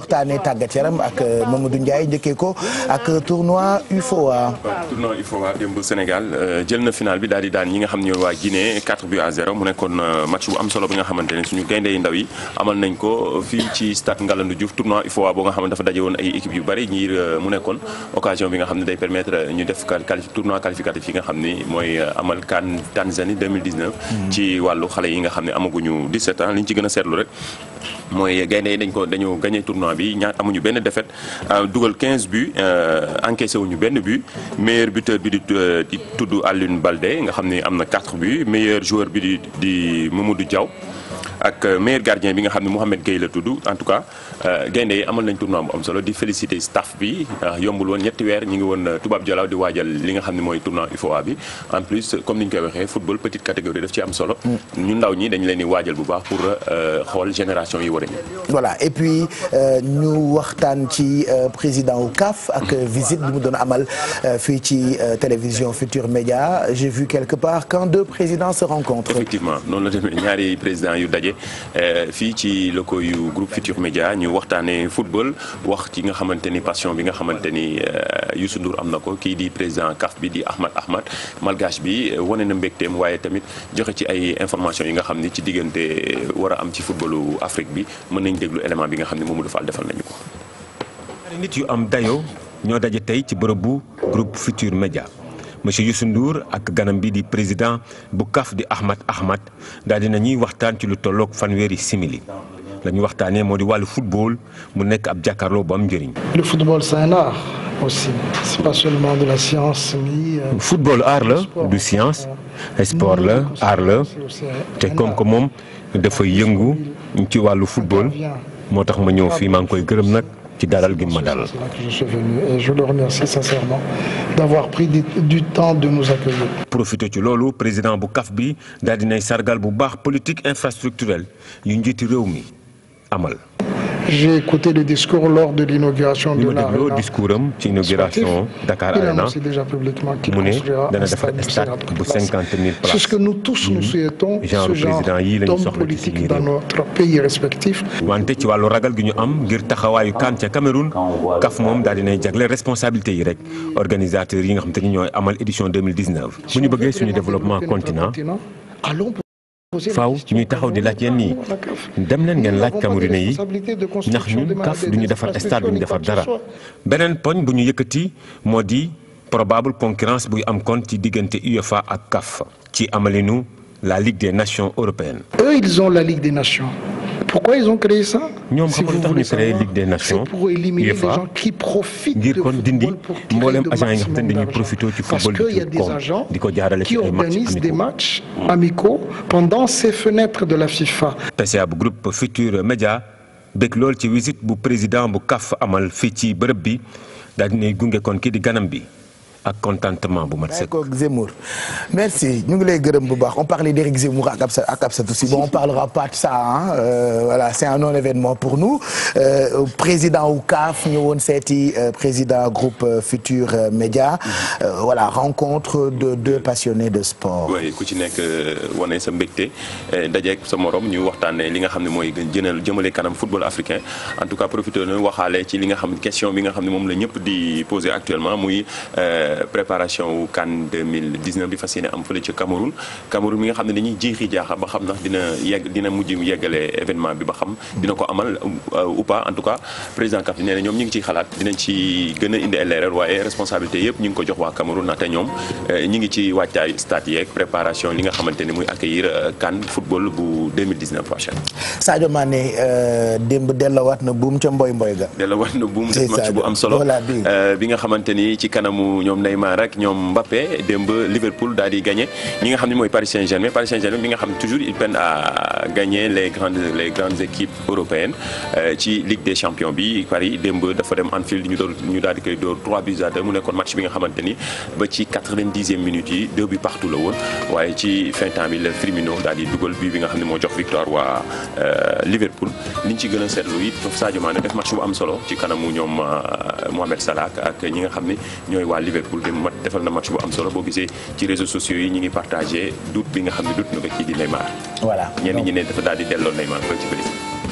waxtaanee tàggat yaram a euh, Mamadou Ndiaye njëkkee ko ak euh, tournoi UFOA. waaw tournoi UFOA démb Sénégal euh, jël na final bi daal di daan ñi nga xam ne waa Guinée 4 buts à 0 mu nekkoon match bu am solo bi nga xamante ne suñu gaynde yu ndaw yi amal nañ ko fii ci stade Ngalandou Diouf tournoi UFOA boo nga xam ne dafa daje woon ay équipe yu bari ñi mu nekkoon occasion bi nga xam ne day permetre ñu def quali tournoi qualificatif yi nga xam ni mooy amal CAN Tanzanie 2019. Mm. ci wàllu xale yi nga xam ne amaguñu 17 ans liñ ci gën a rek mooy gaynde yi dañ ko dañu gagné tournoi bi ñaar amuñu benn défaite euh, dugal 15 buts euh, encaissé wuñu benn but meilleur buteur bi di euh, di tudd Alioune Baldé nga xam ni am na quatre buts meilleur joueur bi di di Mamadou jaw ak euh, meilleur gardien bi nga xam ne Mouhamed Gueye la tudd en tout cas euh, gaynde yi amal nañ tournoi bu am solo di féliciter staff bi euh, yombul woon ñetti weer ñu ngi woon tubaab jolaaw di waajal li nga xam ne mooy tournoi UFOA bi en plus comme ni ñu koy waxee football petite catégorie daf ci am solo mm. ñu ndaw ñi dañ leen waajal bu baax pour xool génération yi war a ñëw voilà et puis ñu waxtaan ci président wu CAF ak visite bi mu doon amal fii ci télévision daje eh, fii ci locaux yu groupe Futur Média ñu waxtaanee football wax ci nga xamante ni passion bi nga xamante ni eh, Youssou Ndour am na ko kii di président CAF bi di Ahmad Ahmad malgache bi eh, wane na mbégteem waaye tamit joxe ci ay information yi nga xam ni ci diggante war am ci footballu Afrique bi mën nañ déglu élément bi nga xam ne Mamadou Fall defal nañu ko. nit yu am dayo ñoo daje tey ci bërëbu groupe Futur Média. monsieur Youssou Ndour ak ganam bi di président bu CAF di Ahmad Ahmad daal dina ñuy waxtaan ci lu tolloog fanweeri simili la ñu waxtaanee moo di wàllu football mu nekk ab jàkkaarloo bu am njëriñ. le football c'est seulement de la science mais. Euh, football la du science sport la art la te comme que moom dafa yëngu ci wàllu football moo tax ma ñëw fii maa ngi koy gërëm nag. ci dalal gi ma dalal. Je suis venu et je le remercie sincèrement d'avoir pris du temps de nous accueillir. profité ci loolu président bu CAF bi daal dinay sargal bu baax politique infrastructurelle yu njiiti réew mi amal. j'ai écouté le discours lors de l'inauguration de la. loo discours am ci inauguration Dakar Arena mu ne dana defar stade bu cinquante mille places. c'est ce que nous tous nous souhaitons. genre yi la ñu soxla ci si wante ci wàllu ragal gi ñu am ngir taxawaayu kan ca Cameroun kaf moom daal dinay jagle responsabilité yi rek organisateurs yi nga xam te ni ñooy amal édition 2019 bu ñu bëggee suñu développement continent. faaw ñuy taxaw di laaj yenn yi dem leen ngeen laaj Camerounais yi ndax ñun CAF duñu defar stade duñu defar dara beneen poñ bu ñu yëkkati moo di probable concurrence buy am kon ci diggante UEFA ak CAF ci amalinu la Ligue des Nations européennes. la Ligue des Nations. pourquoi ils ont créé ça. ñoom xamul tax ñu créé Ligue des Nations. c'est pour éliminer profitent. ngir kon dindi mboolem agent yi nga xam ne dañuy ci football di ko di ko jaarale ci a des agents qui organisent des matchs amicaux pendant ces fenêtres de la FIFA. PCA bu groupe Futur Média bëgg lool ci visite bu président bu kaf amal fii ci bërëb bi daal di gunge kon kii di ganam bi ak contentement bu mat sëkk. merci ñu ngi lay gërëm bu baax on parlait d'Éric Zemmour ak Absa ak Absatou Sy bon on parlera pas de ça ah c'est un non événement pour nous euh, président wu CAF ñëwoon seeti euh, président groupe euh, Futur Média voilà rencontre de deux passionnés de sport. oui ku ci nekk wane sa mbégte dajeeg sa morom ñu waxtaanee li nga xam ne mooy jënal jëmale kanam football africain en tout cas profité na waxaale ci li nga xam question bi nga xam ne moom la ñëpp di poser actuellement muy préparation wu CAN 2019 yéene am fële ca Cameroun Cameroun mi nga xam ne dañuy jiixi jaaxa ba xam na dina yegg dina mujj yeggale événement bi ba xam dina ko amal euh, ou pas en tout cas président CAF nee ñoom ñu ngi ciy xalaat dinañ ci gën a indi ay waaye responsabilité yëpp ñu ngi ko jox waa Cameroun ndaxte ñoom euh, ñi ngi ci wàccaay stade yeeg préparation li nga xamante ni muy accueillir euh, CAN football bu 2019 prochain Sadio Mané démb dellowaat na buum ca mboy mboy ga dellowaat na buum def match bu am solo bi nga xamante ni ci kanamu ñoom Neymar rek ñoom Mbappé démb Liverpool daal daal di gagné ñi nga xam ne mooy Paris saint Paris Saint-Germain nga xam toujours il peine à gagner les grandes équipes européennes euh, ci Ligue des champions bi Paris démb dafa dem Anfield ñu door koy door 3 buts à 2 mu nekkoon match bi nga xamante ni ba ci 90e minute yi deux buts partout la woon waaye ci fin bi la Firmino daal dugal but bi nga xam ne moo jox victoire waa euh, Liverpool liñ ci gën a seetlu it Sadio Mané def match sociaux yi ñu ngi partagé doute bi nga xam ne doute na ko kii di Neymar. voilà ñenn ñi ne dafa daal di delloo Neymar ba ci bëri.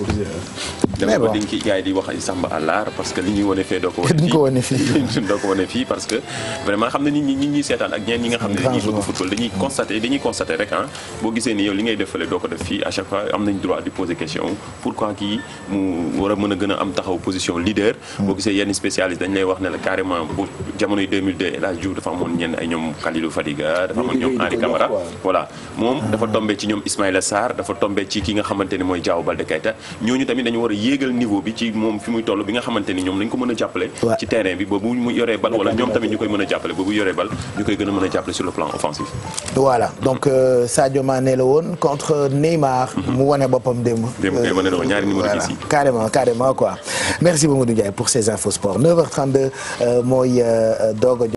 Excusez. mais bon dañ koy gars wax ay Samba parce que li ñuy wane fee doo ko wane fii fii parce que vraiment xam ne nit ñi seetaan ak ñeen ñi nga xam ne dañuy football dañuy constaté rek hmm. boo gisee yenn spécialiste dañ lay wax ne la carrément bu jamonoy 2002 El Hadj Diouf dafa amoon ñenn ay ñoom Khalilou Fadiga dafa amoon ñoom Henri Camara voilà moom dafa ah. tombé ci ñoom Ismaïla Sarr dafa tombé ci ki nga xamante ne mooy Diao Baldé Keita ñooñu tamit dañu war a yéegal niveau bi ci moom fi muy toll bi nga xamante ñoom nañ ko mën a jàppale ci terrain bi ba bu yoree bal wala ñoom tamit ñu koy mën a jàppale ba bu yoree bal ñu koy gën a jàppale sur le plan offensif donc euh, Sadio la woon contre Neymar mhm. mu wane boppam démb démb kay wane na ñaari numéro yi carrément carrément quoi merci Mamadou Ndiaye pour ces infos sport 9h32 mooy euh, euh, doog